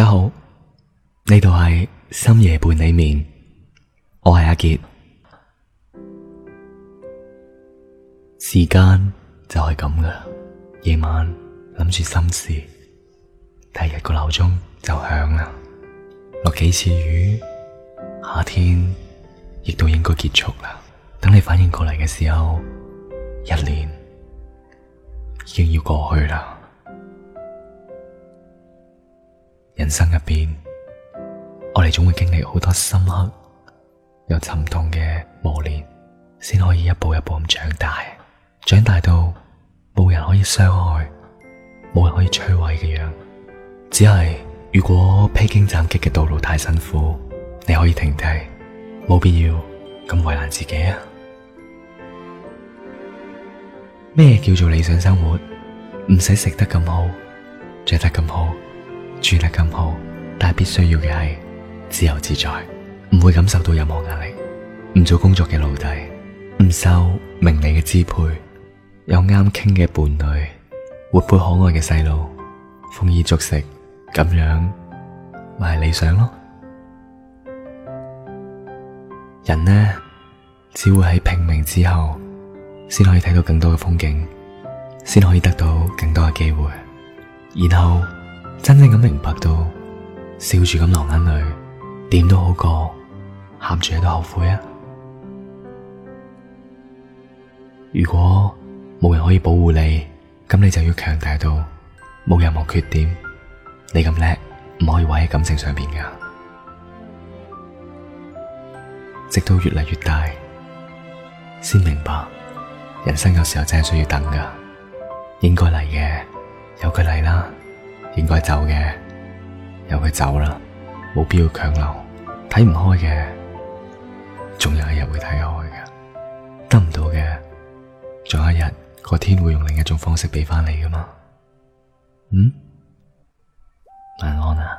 大家好，呢度係深夜伴你眠，我係阿杰。時間就係咁噶，夜晚諗住心事，第二日個鬧鐘就響啦。落幾次雨，夏天亦都應該結束啦。等你反應過嚟嘅時候，一年已經要過去啦。人生入邊，我哋總會經歷好多深刻又沉痛嘅磨練，先可以一步一步咁長大。長大到冇人可以傷害，冇人可以摧毀嘅樣。只係如果披荊斬棘嘅道路太辛苦，你可以停低，冇必要咁為難自己啊！咩叫做理想生活？唔使食得咁好，着得咁好，咁好，但係必須要嘅係自由自在，唔會感受到任何壓力，唔做工作嘅奴隸，唔受名利嘅支配，有啱傾嘅伴侶，活潑可愛嘅細路，豐衣足食，咁樣咪係、就是、理想咯。人呢，只會喺拼命之後，先可以睇到更多嘅風景，先可以得到更多嘅機會，然後。真正咁明白到，笑住咁流眼淚，點都好過喊住喺度後悔啊！如果冇人可以保護你，咁你就要強大到冇任何缺點。你咁叻，唔可以毀喺感情上邊噶。直到越嚟越大，先明白人生有時候真係需要等噶，應該嚟嘅，由佢嚟啦。應該走嘅，由佢走啦，冇必要強留。睇唔開嘅，仲有一日會睇開嘅，得唔到嘅，仲有一日，個天會用另一種方式俾翻你噶嘛？嗯，晚安啊。